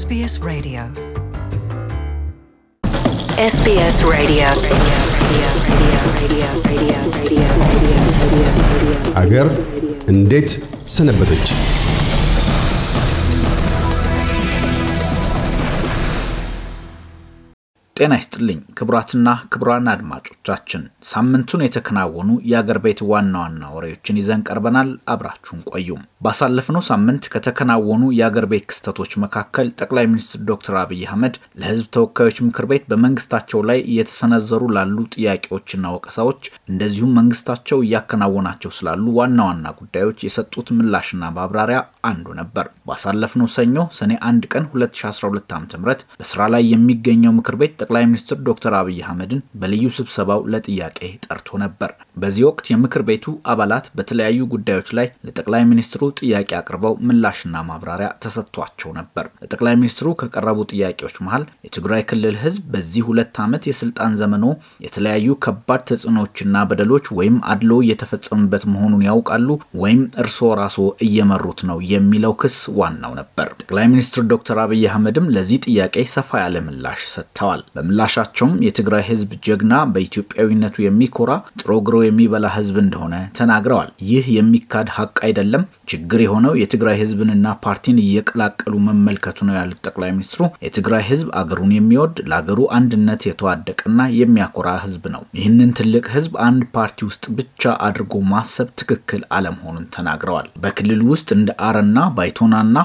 SBS Radio SBS Radio አገር እንዴት ሰነበተች? ጤና ይስጥልኝ ክቡራትና ክቡራን አድማጮቻችን፣ ሳምንቱን የተከናወኑ የአገር ቤት ዋና ዋና ወሬዎችን ይዘን ቀርበናል። አብራችሁን ቆዩ። ባሳለፍነው ሳምንት ከተከናወኑ የአገር ቤት ክስተቶች መካከል ጠቅላይ ሚኒስትር ዶክተር አብይ አህመድ ለሕዝብ ተወካዮች ምክር ቤት በመንግስታቸው ላይ እየተሰነዘሩ ላሉ ጥያቄዎችና ወቀሳዎች እንደዚሁም መንግስታቸው እያከናወናቸው ስላሉ ዋና ዋና ጉዳዮች የሰጡት ምላሽና ማብራሪያ አንዱ ነበር። ባሳለፍነው ሰኞ ሰኔ 1 ቀን 2012 ዓ ም በስራ ላይ የሚገኘው ምክር ቤት ጠቅላይ ሚኒስትር ዶክተር አብይ አህመድን በልዩ ስብሰባው ለጥያቄ ጠርቶ ነበር። በዚህ ወቅት የምክር ቤቱ አባላት በተለያዩ ጉዳዮች ላይ ለጠቅላይ ሚኒስትሩ ጥያቄ አቅርበው ምላሽና ማብራሪያ ተሰጥቷቸው ነበር። ለጠቅላይ ሚኒስትሩ ከቀረቡ ጥያቄዎች መሀል የትግራይ ክልል ህዝብ በዚህ ሁለት ዓመት የስልጣን ዘመኖ የተለያዩ ከባድ ተጽዕኖዎችና በደሎች ወይም አድሎ እየተፈጸሙበት መሆኑን ያውቃሉ ወይም እርስዎ ራስዎ እየመሩት ነው የሚለው ክስ ዋናው ነበር። ጠቅላይ ሚኒስትር ዶክተር አብይ አህመድም ለዚህ ጥያቄ ሰፋ ያለ ምላሽ ሰጥተዋል። በምላሻቸውም የትግራይ ህዝብ ጀግና፣ በኢትዮጵያዊነቱ የሚኮራ ጥሮ ግሮ የሚበላ ህዝብ እንደሆነ ተናግረዋል። ይህ የሚካድ ሀቅ አይደለም። ችግር የሆነው የትግራይ ህዝብንና ፓርቲን እየቀላቀሉ መመልከቱ ነው ያሉት ጠቅላይ ሚኒስትሩ የትግራይ ህዝብ አገሩን የሚወድ ለአገሩ አንድነት የተዋደቀና የሚያኮራ ህዝብ ነው። ይህንን ትልቅ ህዝብ አንድ ፓርቲ ውስጥ ብቻ አድርጎ ማሰብ ትክክል አለመሆኑን ተናግረዋል። በክልል ውስጥ እንደ አረና ባይቶናና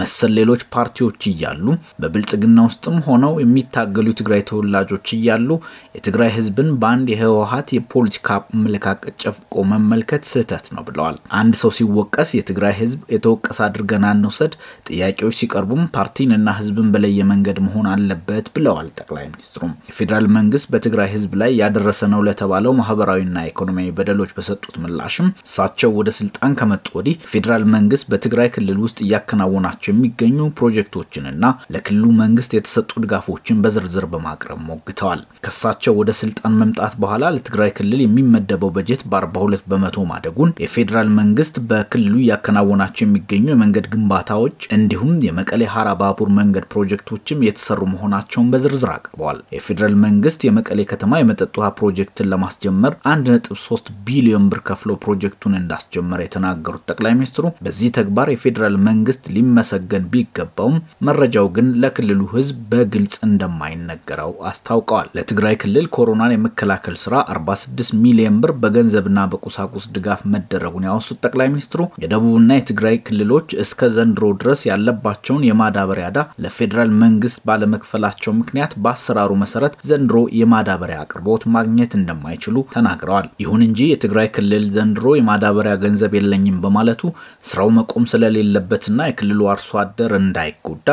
መሰል ሌሎች ፓርቲዎች እያሉ በብልጽግና ውስጥም ሆነው የሚታገሉ ትግራይ የትግራይ ተወላጆች እያሉ የትግራይ ህዝብን በአንድ የህወሀት የፖለቲካ አመለካከት ጨፍቆ መመልከት ስህተት ነው ብለዋል። አንድ ሰው ሲወቀስ የትግራይ ህዝብ የተወቀሰ አድርገን አንውሰድ። ጥያቄዎች ሲቀርቡም ፓርቲንና ህዝብን በለየ መንገድ መሆን አለበት ብለዋል ጠቅላይ ሚኒስትሩም። የፌዴራል መንግስት በትግራይ ህዝብ ላይ ያደረሰ ነው ለተባለው ማህበራዊና ኢኮኖሚያዊ በደሎች በሰጡት ምላሽም እሳቸው ወደ ስልጣን ከመጡ ወዲህ የፌዴራል መንግስት በትግራይ ክልል ውስጥ እያከናወናቸው የሚገኙ ፕሮጀክቶችንና ለክልሉ መንግስት የተሰጡ ድጋፎችን በዝርዝር በማ ለማቅረብ ሞግተዋል። ከሳቸው ወደ ስልጣን መምጣት በኋላ ለትግራይ ክልል የሚመደበው በጀት በ42 በመቶ ማደጉን፣ የፌዴራል መንግስት በክልሉ እያከናወናቸው የሚገኙ የመንገድ ግንባታዎች እንዲሁም የመቀሌ ሀራ ባቡር መንገድ ፕሮጀክቶችም የተሰሩ መሆናቸውን በዝርዝር አቅርበዋል። የፌዴራል መንግስት የመቀሌ ከተማ የመጠጥ ውሃ ፕሮጀክትን ለማስጀመር 1.3 ቢሊዮን ብር ከፍሎ ፕሮጀክቱን እንዳስጀመረ የተናገሩት ጠቅላይ ሚኒስትሩ በዚህ ተግባር የፌዴራል መንግስት ሊመሰገን ቢገባውም መረጃው ግን ለክልሉ ህዝብ በግልጽ እንደማይነገር እንደሚሰራው አስታውቀዋል። ለትግራይ ክልል ኮሮናን የመከላከል ስራ 46 ሚሊዮን ብር በገንዘብና በቁሳቁስ ድጋፍ መደረጉን ያወሱት ጠቅላይ ሚኒስትሩ የደቡብና የትግራይ ክልሎች እስከ ዘንድሮ ድረስ ያለባቸውን የማዳበሪያ ዕዳ ለፌዴራል መንግስት ባለመክፈላቸው ምክንያት በአሰራሩ መሰረት ዘንድሮ የማዳበሪያ አቅርቦት ማግኘት እንደማይችሉ ተናግረዋል። ይሁን እንጂ የትግራይ ክልል ዘንድሮ የማዳበሪያ ገንዘብ የለኝም በማለቱ ስራው መቆም ስለሌለበትና የክልሉ አርሶ አደር እንዳይጎዳ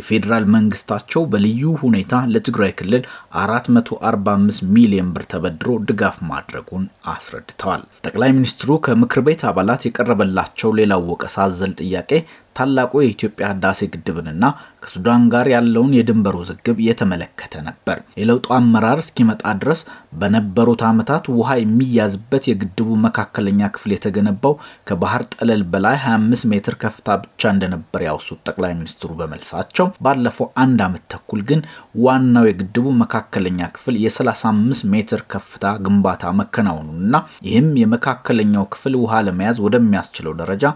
የፌዴራል መንግስታቸው በልዩ ሁኔታ ለትግራይ ትግራይ ክልል 445 ሚሊዮን ብር ተበድሮ ድጋፍ ማድረጉን አስረድተዋል። ጠቅላይ ሚኒስትሩ ከምክር ቤት አባላት የቀረበላቸው ሌላው ወቀሳ አዘል ጥያቄ ታላቁ የኢትዮጵያ ህዳሴ ግድብንና ከሱዳን ጋር ያለውን የድንበር ውዝግብ የተመለከተ ነበር። የለውጡ አመራር እስኪመጣ ድረስ በነበሩት ዓመታት ውሃ የሚያዝበት የግድቡ መካከለኛ ክፍል የተገነባው ከባህር ጠለል በላይ 25 ሜትር ከፍታ ብቻ እንደነበር ያውሱት ጠቅላይ ሚኒስትሩ በመልሳቸው ባለፈው አንድ ዓመት ተኩል ግን ዋናው የግድቡ መካከለኛ ክፍል የ35 ሜትር ከፍታ ግንባታ መከናወኑንና ይህም የመካከለኛው ክፍል ውሃ ለመያዝ ወደሚያስችለው ደረጃ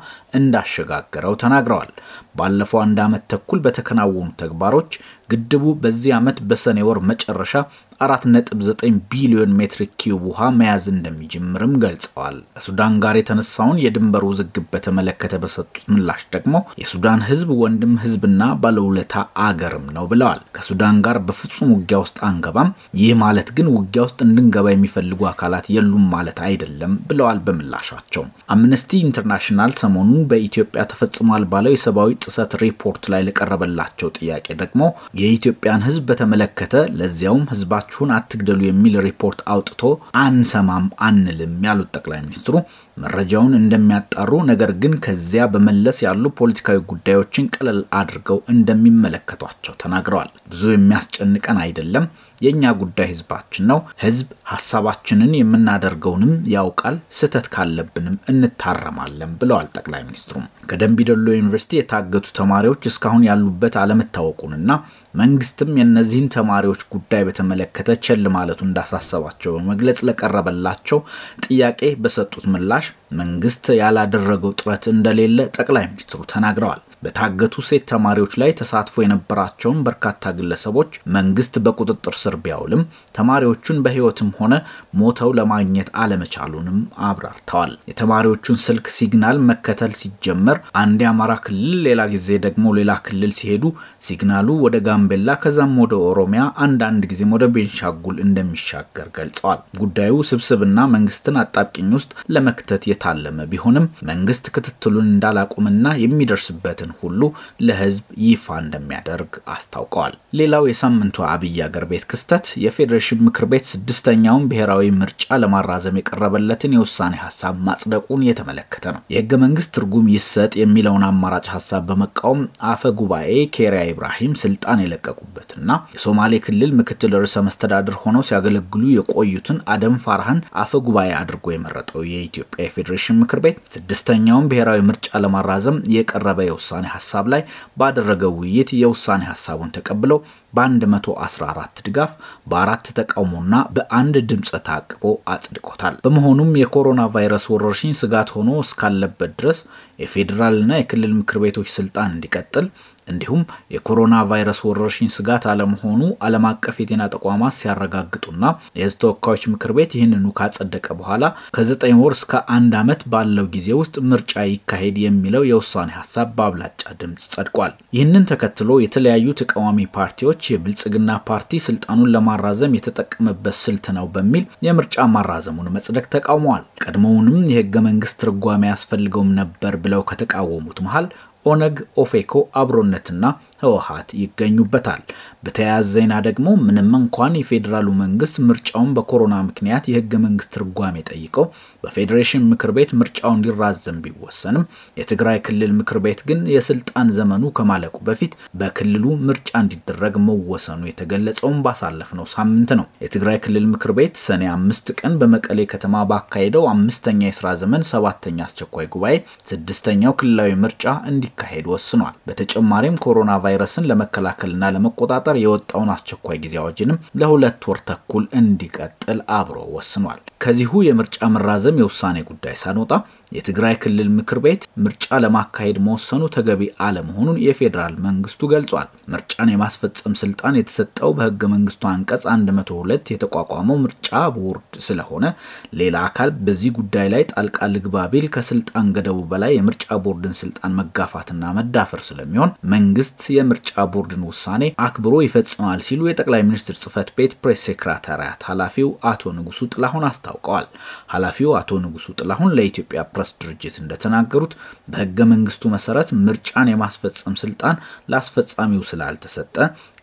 እንዳሸጋገረው ተናግ Agrawal. ባለፈው አንድ ዓመት ተኩል በተከናወኑ ተግባሮች ግድቡ በዚህ ዓመት በሰኔ ወር መጨረሻ 4.9 ቢሊዮን ሜትሪክ ኪዩብ ውሃ መያዝ እንደሚጀምርም ገልጸዋል። ከሱዳን ጋር የተነሳውን የድንበር ውዝግብ በተመለከተ በሰጡት ምላሽ ደግሞ የሱዳን ሕዝብ ወንድም ሕዝብና ባለውለታ አገርም ነው ብለዋል። ከሱዳን ጋር በፍጹም ውጊያ ውስጥ አንገባም፣ ይህ ማለት ግን ውጊያ ውስጥ እንድንገባ የሚፈልጉ አካላት የሉም ማለት አይደለም ብለዋል። በምላሻቸው አምነስቲ ኢንተርናሽናል ሰሞኑን በኢትዮጵያ ተፈጽሟል ባለው የሰብአዊ ጥሰት ሪፖርት ላይ ለቀረበላቸው ጥያቄ ደግሞ የኢትዮጵያን ሕዝብ በተመለከተ ለዚያውም ሕዝባችሁን አትግደሉ የሚል ሪፖርት አውጥቶ አንሰማም አንልም ያሉት ጠቅላይ ሚኒስትሩ መረጃውን እንደሚያጣሩ ነገር ግን ከዚያ በመለስ ያሉ ፖለቲካዊ ጉዳዮችን ቀለል አድርገው እንደሚመለከቷቸው ተናግረዋል። ብዙ የሚያስጨንቀን አይደለም። የእኛ ጉዳይ ህዝባችን ነው። ህዝብ ሀሳባችንን የምናደርገውንም ያውቃል። ስህተት ካለብንም እንታረማለን ብለዋል ጠቅላይ ሚኒስትሩም። ከደምቢ ዩኒቨርሲቲ የታገቱ ተማሪዎች እስካሁን ያሉበት አለመታወቁንና መንግስትም የእነዚህን ተማሪዎች ጉዳይ በተመለከተ ቸል ማለቱ እንዳሳሰባቸው በመግለጽ ለቀረበላቸው ጥያቄ በሰጡት ምላሽ መንግስት ያላደረገው ጥረት እንደሌለ ጠቅላይ ሚኒስትሩ ተናግረዋል። በታገቱ ሴት ተማሪዎች ላይ ተሳትፎ የነበራቸውን በርካታ ግለሰቦች መንግስት በቁጥጥር ስር ቢያውልም ተማሪዎቹን በህይወትም ሆነ ሞተው ለማግኘት አለመቻሉንም አብራርተዋል። የተማሪዎቹን ስልክ ሲግናል መከተል ሲጀመር አንድ የአማራ ክልል ሌላ ጊዜ ደግሞ ሌላ ክልል ሲሄዱ ሲግናሉ ወደ ጋምቤላ ከዛም ወደ ኦሮሚያ አንዳንድ ጊዜም ወደ ቤንሻጉል እንደሚሻገር ገልጸዋል። ጉዳዩ ስብስብና መንግስትን አጣብቂኝ ውስጥ ለመክተት የታ የታለመ ቢሆንም መንግስት ክትትሉን እንዳላቁምና የሚደርስበትን ሁሉ ለህዝብ ይፋ እንደሚያደርግ አስታውቀዋል። ሌላው የሳምንቱ አብይ አገር ቤት ክስተት የፌዴሬሽን ምክር ቤት ስድስተኛውን ብሔራዊ ምርጫ ለማራዘም የቀረበለትን የውሳኔ ሀሳብ ማጽደቁን የተመለከተ ነው። የህገ መንግስት ትርጉም ይሰጥ የሚለውን አማራጭ ሀሳብ በመቃወም አፈ ጉባኤ ኬሪያ ኢብራሂም ስልጣን የለቀቁበትና የሶማሌ ክልል ምክትል ርዕሰ መስተዳድር ሆነው ሲያገለግሉ የቆዩትን አደም ፋርሃን አፈ ጉባኤ አድርጎ የመረጠው የኢትዮጵያ የፌዴሬሽን ምክር ቤት ስድስተኛውን ብሔራዊ ምርጫ ለማራዘም የቀረበ የውሳኔ ሀሳብ ላይ ባደረገው ውይይት የውሳኔ ሀሳቡን ተቀብለው በ114 ድጋፍ በአራት ተቃውሞና በአንድ ድምፀ ታቅቦ አጽድቆታል። በመሆኑም የኮሮና ቫይረስ ወረርሽኝ ስጋት ሆኖ እስካለበት ድረስ የፌዴራልና የክልል ምክር ቤቶች ስልጣን እንዲቀጥል እንዲሁም የኮሮና ቫይረስ ወረርሽኝ ስጋት አለመሆኑ ዓለም አቀፍ የጤና ተቋማት ሲያረጋግጡና የሕዝብ ተወካዮች ምክር ቤት ይህንኑ ካጸደቀ በኋላ ከዘጠኝ ወር እስከ አንድ ዓመት ባለው ጊዜ ውስጥ ምርጫ ይካሄድ የሚለው የውሳኔ ሀሳብ በአብላጫ ድምፅ ጸድቋል። ይህንን ተከትሎ የተለያዩ ተቃዋሚ ፓርቲዎች የብልጽግና ፓርቲ ስልጣኑን ለማራዘም የተጠቀመበት ስልት ነው በሚል የምርጫ ማራዘሙን መጽደቅ ተቃውመዋል። ቀድሞውንም የህገ መንግስት ትርጓሜ አያስፈልገውም ነበር ብለው ከተቃወሙት መሀል ኦነግ፣ ኦፌኮ፣ አብሮነትና ህወሀት ይገኙበታል። በተያያዘ ዜና ደግሞ ምንም እንኳን የፌዴራሉ መንግስት ምርጫውን በኮሮና ምክንያት የህገ መንግስት ትርጓሜ ጠይቀው በፌዴሬሽን ምክር ቤት ምርጫው እንዲራዘም ቢወሰንም የትግራይ ክልል ምክር ቤት ግን የስልጣን ዘመኑ ከማለቁ በፊት በክልሉ ምርጫ እንዲደረግ መወሰኑ የተገለጸውን ባሳለፍነው ሳምንት ነው። የትግራይ ክልል ምክር ቤት ሰኔ አምስት ቀን በመቀሌ ከተማ ባካሄደው አምስተኛ የስራ ዘመን ሰባተኛ አስቸኳይ ጉባኤ ስድስተኛው ክልላዊ ምርጫ እንዲካሄድ ወስኗል። በተጨማሪም ኮሮና ቫይረስን ለመከላከልና ለመቆጣጠር በመፍጠር የወጣውን አስቸኳይ ጊዜ አዋጅንም ለሁለት ወር ተኩል እንዲቀጥል አብሮ ወስኗል። ከዚሁ የምርጫ መራዘም የውሳኔ ጉዳይ ሳንወጣ የትግራይ ክልል ምክር ቤት ምርጫ ለማካሄድ መወሰኑ ተገቢ አለመሆኑን የፌዴራል መንግስቱ ገልጿል። ምርጫን የማስፈጸም ስልጣን የተሰጠው በህገ መንግስቱ አንቀጽ 102 የተቋቋመው ምርጫ ቦርድ ስለሆነ ሌላ አካል በዚህ ጉዳይ ላይ ጣልቃ ልግባ ቢል ከስልጣን ገደቡ በላይ የምርጫ ቦርድን ስልጣን መጋፋትና መዳፈር ስለሚሆን መንግስት የምርጫ ቦርድን ውሳኔ አክብሮ ይፈጽማል ሲሉ የጠቅላይ ሚኒስትር ጽህፈት ቤት ፕሬስ ሴክራታሪያት ኃላፊው አቶ ንጉሱ ጥላሁን አስታውቀዋል። ኃላፊው አቶ ንጉሱ ጥላሁን ለኢትዮጵያ የፕረስ ድርጅት እንደተናገሩት በህገ መንግስቱ መሰረት ምርጫን የማስፈጸም ስልጣን ለአስፈጻሚው ስላልተሰጠ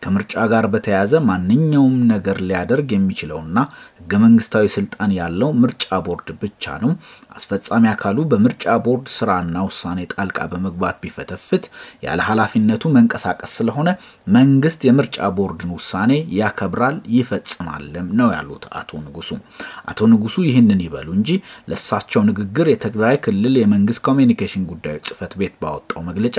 ከምርጫ ጋር በተያያዘ ማንኛውም ነገር ሊያደርግ የሚችለውና ህገ መንግስታዊ ስልጣን ያለው ምርጫ ቦርድ ብቻ ነው። አስፈጻሚ አካሉ በምርጫ ቦርድ ስራና ውሳኔ ጣልቃ በመግባት ቢፈተፍት ያለ ኃላፊነቱ መንቀሳቀስ ስለሆነ መንግስት የምርጫ ቦርድን ውሳኔ ያከብራል ይፈጽማልም ነው ያሉት አቶ ንጉሱ። አቶ ንጉሱ ይህንን ይበሉ እንጂ ለእሳቸው ንግግር የተግላ የትግራይ ክልል የመንግስት ኮሚኒኬሽን ጉዳዮች ጽህፈት ቤት ባወጣው መግለጫ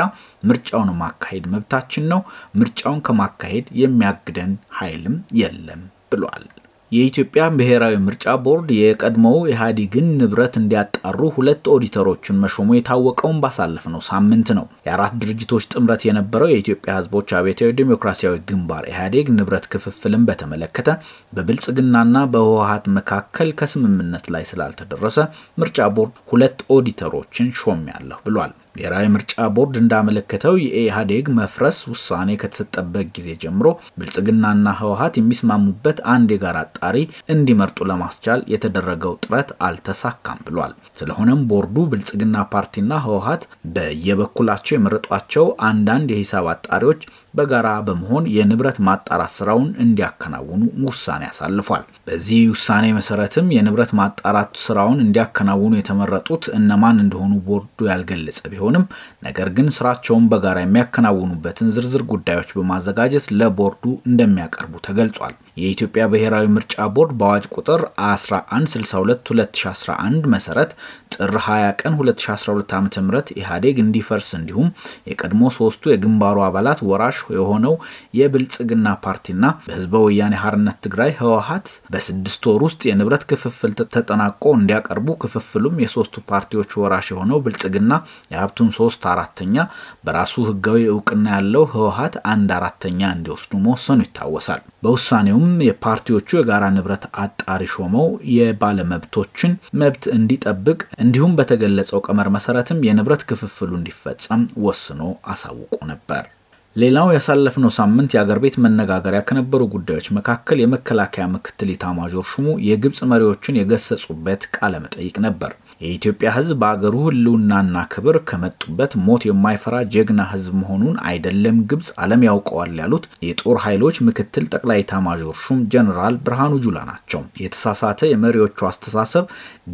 ምርጫውን ማካሄድ መብታችን ነው፣ ምርጫውን ከማካሄድ የሚያግደን ኃይልም የለም ብሏል። የኢትዮጵያ ብሔራዊ ምርጫ ቦርድ የቀድሞው ኢህአዴግን ንብረት እንዲያጣሩ ሁለት ኦዲተሮችን መሾሙ የታወቀውን ባሳለፍነው ሳምንት ነው። የአራት ድርጅቶች ጥምረት የነበረው የኢትዮጵያ ህዝቦች አብዮታዊ ዴሞክራሲያዊ ግንባር ኢህአዴግ ንብረት ክፍፍልን በተመለከተ በብልጽግናና በህወሀት መካከል ከስምምነት ላይ ስላልተደረሰ ምርጫ ቦርድ ሁለት ኦዲተሮችን ሾም ያለሁ ብሏል። ብሔራዊ ምርጫ ቦርድ እንዳመለከተው የኢህአዴግ መፍረስ ውሳኔ ከተሰጠበት ጊዜ ጀምሮ ብልጽግናና ህወሀት የሚስማሙበት አንድ የጋራ አጣሪ እንዲመርጡ ለማስቻል የተደረገው ጥረት አልተሳካም ብሏል። ስለሆነም ቦርዱ ብልጽግና ፓርቲና ህወሀት በየበኩላቸው የመረጧቸው አንዳንድ የሂሳብ አጣሪዎች በጋራ በመሆን የንብረት ማጣራት ስራውን እንዲያከናውኑ ውሳኔ አሳልፏል። በዚህ ውሳኔ መሰረትም የንብረት ማጣራት ስራውን እንዲያከናውኑ የተመረጡት እነማን እንደሆኑ ቦርዱ ያልገለጸ ቢሆን ቢሆንም ነገር ግን ስራቸውን በጋራ የሚያከናውኑበትን ዝርዝር ጉዳዮች በማዘጋጀት ለቦርዱ እንደሚያቀርቡ ተገልጿል። የኢትዮጵያ ብሔራዊ ምርጫ ቦርድ በአዋጅ ቁጥር 1162/2011 መሰረት ጥር 20 ቀን 2012 ዓ ም ኢህአዴግ እንዲፈርስ እንዲሁም የቀድሞ ሶስቱ የግንባሩ አባላት ወራሽ የሆነው የብልጽግና ፓርቲና በህዝበ ወያኔ ሀርነት ትግራይ ህወሀት በስድስት ወር ውስጥ የንብረት ክፍፍል ተጠናቆ እንዲያቀርቡ ክፍፍሉም የሶስቱ ፓርቲዎች ወራሽ የሆነው ብልጽግና የሀብቱን ሶስት አራተኛ በራሱ ህጋዊ እውቅና ያለው ህወሀት አንድ አራተኛ እንዲወስዱ መወሰኑ ይታወሳል። በውሳኔውም እንዲሁም የፓርቲዎቹ የጋራ ንብረት አጣሪ ሾመው የባለመብቶችን መብት እንዲጠብቅ እንዲሁም በተገለጸው ቀመር መሰረትም የንብረት ክፍፍሉ እንዲፈጸም ወስኖ አሳውቆ ነበር። ሌላው ያሳለፍነው ሳምንት የአገር ቤት መነጋገሪያ ከነበሩ ጉዳዮች መካከል የመከላከያ ምክትል ኢታማዦር ሹሙ የግብፅ መሪዎችን የገሰጹበት ቃለ መጠይቅ ነበር። የኢትዮጵያ ሕዝብ በአገሩ ህልውናና ክብር ከመጡበት ሞት የማይፈራ ጀግና ሕዝብ መሆኑን አይደለም ግብፅ ዓለም ያውቀዋል ያሉት የጦር ኃይሎች ምክትል ጠቅላይ ኤታማዦር ሹም ጀኔራል ብርሃኑ ጁላ ናቸው። የተሳሳተ የመሪዎቹ አስተሳሰብ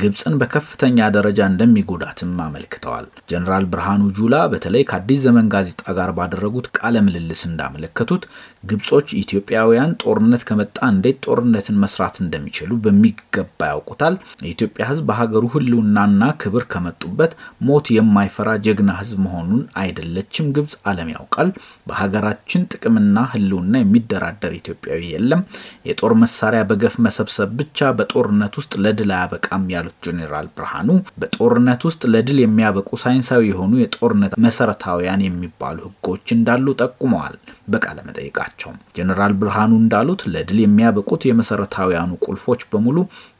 ግብጽን በከፍተኛ ደረጃ እንደሚጎዳትም አመልክተዋል። ጀኔራል ብርሃኑ ጁላ በተለይ ከአዲስ ዘመን ጋዜጣ ጋር ባደረጉት ቃለ ምልልስ እንዳመለከቱት ግብጾች ኢትዮጵያውያን ጦርነት ከመጣ እንዴት ጦርነትን መስራት እንደሚችሉ በሚገባ ያውቁታል። የኢትዮጵያ ሕዝብ በሀገሩ ህልውና ዝናና ክብር ከመጡበት ሞት የማይፈራ ጀግና ህዝብ መሆኑን አይደለችም ግብጽ ዓለም ያውቃል። በሀገራችን ጥቅምና ህልውና የሚደራደር ኢትዮጵያዊ የለም። የጦር መሳሪያ በገፍ መሰብሰብ ብቻ በጦርነት ውስጥ ለድል አያበቃም ያሉት ጄኔራል ብርሃኑ በጦርነት ውስጥ ለድል የሚያበቁ ሳይንሳዊ የሆኑ የጦርነት መሰረታዊያን የሚባሉ ህጎች እንዳሉ ጠቁመዋል። በቃለ መጠይቃቸው ጀነራል ብርሃኑ እንዳሉት ለድል የሚያበቁት የመሰረታዊያኑ ቁልፎች በሙሉ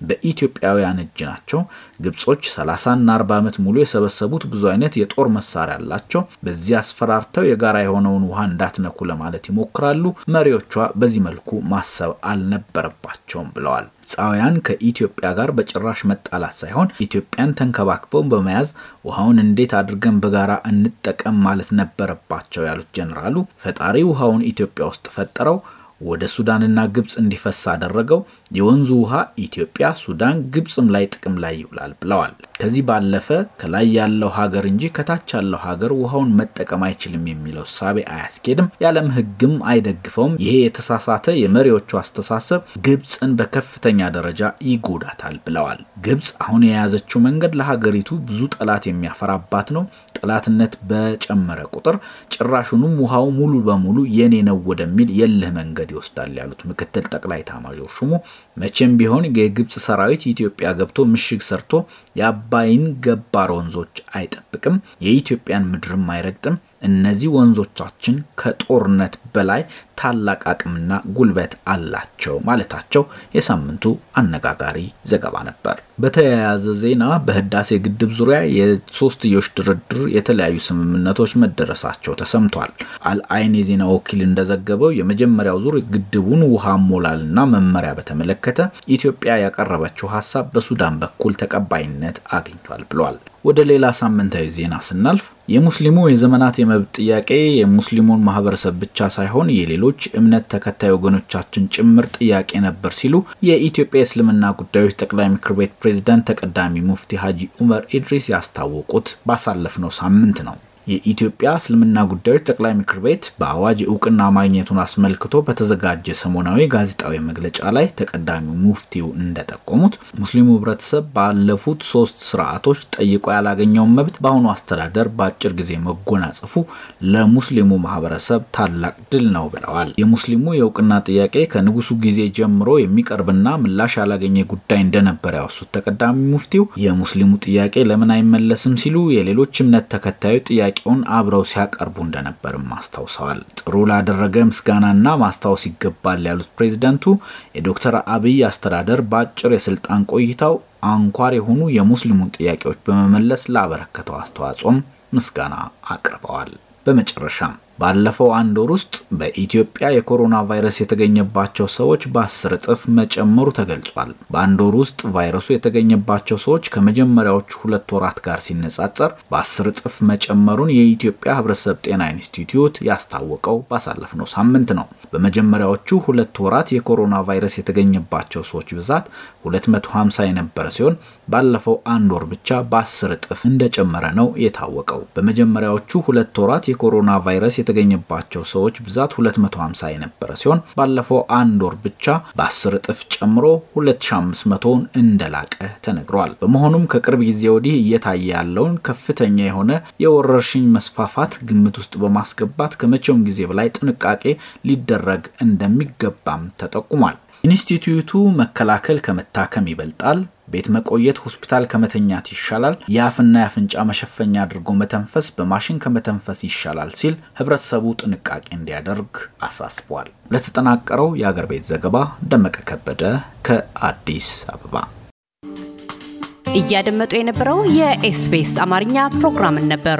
በኢትዮጵያውያን እጅ ናቸው። ግብጾች 30 እና 40 ዓመት ሙሉ የሰበሰቡት ብዙ አይነት የጦር መሳሪያ አላቸው። በዚህ አስፈራርተው የጋራ የሆነውን ውሃ እንዳትነኩ ለማለት ይሞክራሉ። መሪዎቿ በዚህ መልኩ ማሰብ አልነበረባቸውም ብለዋል። ግብፃውያን ከኢትዮጵያ ጋር በጭራሽ መጣላት ሳይሆን ኢትዮጵያን ተንከባክበው በመያዝ ውሃውን እንዴት አድርገን በጋራ እንጠቀም ማለት ነበረባቸው ያሉት ጀኔራሉ ፈጣሪ ውሃውን ኢትዮጵያ ውስጥ ፈጠረው ወደ ሱዳንና ግብፅ እንዲፈስ አደረገው። የወንዙ ውሃ ኢትዮጵያ፣ ሱዳን፣ ግብፅም ላይ ጥቅም ላይ ይውላል ብለዋል። ከዚህ ባለፈ ከላይ ያለው ሀገር እንጂ ከታች ያለው ሀገር ውሃውን መጠቀም አይችልም የሚለው እሳቤ አያስኬድም፣ የዓለም ሕግም አይደግፈውም። ይሄ የተሳሳተ የመሪዎቹ አስተሳሰብ ግብፅን በከፍተኛ ደረጃ ይጎዳታል ብለዋል። ግብፅ አሁን የያዘችው መንገድ ለሀገሪቱ ብዙ ጠላት የሚያፈራባት ነው። ጠላትነት በጨመረ ቁጥር ጭራሹንም ውሃው ሙሉ በሙሉ የኔ ነው ወደሚል የልህ መንገድ ይወስዳል ያሉት ምክትል ጠቅላይ ኤታማዦር ሹሙ መቼም ቢሆን የግብፅ ሰራዊት ኢትዮጵያ ገብቶ ምሽግ ሰርቶ የአባይን ገባር ወንዞች አይጠብቅም፣ የኢትዮጵያን ምድርም አይረግጥም። እነዚህ ወንዞቻችን ከጦርነት በላይ ታላቅ አቅምና ጉልበት አላቸው ማለታቸው የሳምንቱ አነጋጋሪ ዘገባ ነበር። በተያያዘ ዜና በህዳሴ ግድብ ዙሪያ የሶስትዮሽ ድርድር የተለያዩ ስምምነቶች መደረሳቸው ተሰምቷል። አልአይን የዜና ወኪል እንደዘገበው የመጀመሪያው ዙር ግድቡን ውሃ ሞላልና መመሪያ በተመለከተ ኢትዮጵያ ያቀረበችው ሀሳብ በሱዳን በኩል ተቀባይነት አግኝቷል ብሏል። ወደ ሌላ ሳምንታዊ ዜና ስናልፍ የሙስሊሙ የዘመናት የመብት ጥያቄ የሙስሊሙን ማህበረሰብ ብቻ ሳይሆን የሌሎ ሌሎች እምነት ተከታይ ወገኖቻችን ጭምር ጥያቄ ነበር ሲሉ የኢትዮጵያ የእስልምና ጉዳዮች ጠቅላይ ምክር ቤት ፕሬዝዳንት ተቀዳሚ ሙፍቲ ሀጂ ኡመር ኢድሪስ ያስታወቁት ባሳለፍነው ሳምንት ነው። የኢትዮጵያ እስልምና ጉዳዮች ጠቅላይ ምክር ቤት በአዋጅ እውቅና ማግኘቱን አስመልክቶ በተዘጋጀ ሰሞናዊ ጋዜጣዊ መግለጫ ላይ ተቀዳሚ ሙፍቲው እንደጠቆሙት ሙስሊሙ ህብረተሰብ ባለፉት ሶስት ስርዓቶች ጠይቆ ያላገኘውን መብት በአሁኑ አስተዳደር በአጭር ጊዜ መጎናጸፉ ለሙስሊሙ ማህበረሰብ ታላቅ ድል ነው ብለዋል። የሙስሊሙ የእውቅና ጥያቄ ከንጉሱ ጊዜ ጀምሮ የሚቀርብና ምላሽ ያላገኘ ጉዳይ እንደነበረ ያወሱት ተቀዳሚ ሙፍቲው የሙስሊሙ ጥያቄ ለምን አይመለስም ሲሉ የሌሎች እምነት ተከታዮች ጥያቄ ጥያቄውን አብረው ሲያቀርቡ እንደነበርም አስታውሰዋል። ጥሩ ላደረገ ምስጋናና ማስታወስ ይገባል ያሉት ፕሬዚደንቱ የዶክተር አብይ አስተዳደር በአጭር የስልጣን ቆይታው አንኳር የሆኑ የሙስሊሙን ጥያቄዎች በመመለስ ላበረከተው አስተዋጽኦም ምስጋና አቅርበዋል። በመጨረሻም ባለፈው አንድ ወር ውስጥ በኢትዮጵያ የኮሮና ቫይረስ የተገኘባቸው ሰዎች በአስር እጥፍ መጨመሩ ተገልጿል። በአንድ ወር ውስጥ ቫይረሱ የተገኘባቸው ሰዎች ከመጀመሪያዎቹ ሁለት ወራት ጋር ሲነጻጸር በአስር እጥፍ መጨመሩን የኢትዮጵያ ሕብረተሰብ ጤና ኢንስቲትዩት ያስታወቀው ባሳለፍነው ሳምንት ነው። በመጀመሪያዎቹ ሁለት ወራት የኮሮና ቫይረስ የተገኘባቸው ሰዎች ብዛት 250 የነበረ ሲሆን ባለፈው አንድ ወር ብቻ በአስር እጥፍ እንደጨመረ ነው የታወቀው። በመጀመሪያዎቹ ሁለት ወራት የኮሮና ቫይረስ የተገኘባቸው ሰዎች ብዛት 250 የነበረ ሲሆን ባለፈው አንድ ወር ብቻ በ10 እጥፍ ጨምሮ 2500ን እንደላቀ ተነግሯል። በመሆኑም ከቅርብ ጊዜ ወዲህ እየታየ ያለውን ከፍተኛ የሆነ የወረርሽኝ መስፋፋት ግምት ውስጥ በማስገባት ከመቼውም ጊዜ በላይ ጥንቃቄ ሊደረግ እንደሚገባም ተጠቁሟል። ኢንስቲትዩቱ መከላከል ከመታከም ይበልጣል ቤት መቆየት ሆስፒታል ከመተኛት ይሻላል፣ የአፍና የአፍንጫ መሸፈኛ አድርጎ መተንፈስ በማሽን ከመተንፈስ ይሻላል ሲል ህብረተሰቡ ጥንቃቄ እንዲያደርግ አሳስቧል። ለተጠናቀረው የአገር ቤት ዘገባ ደመቀ ከበደ ከአዲስ አበባ። እያደመጡ የነበረው የኤስቢኤስ አማርኛ ፕሮግራምን ነበር።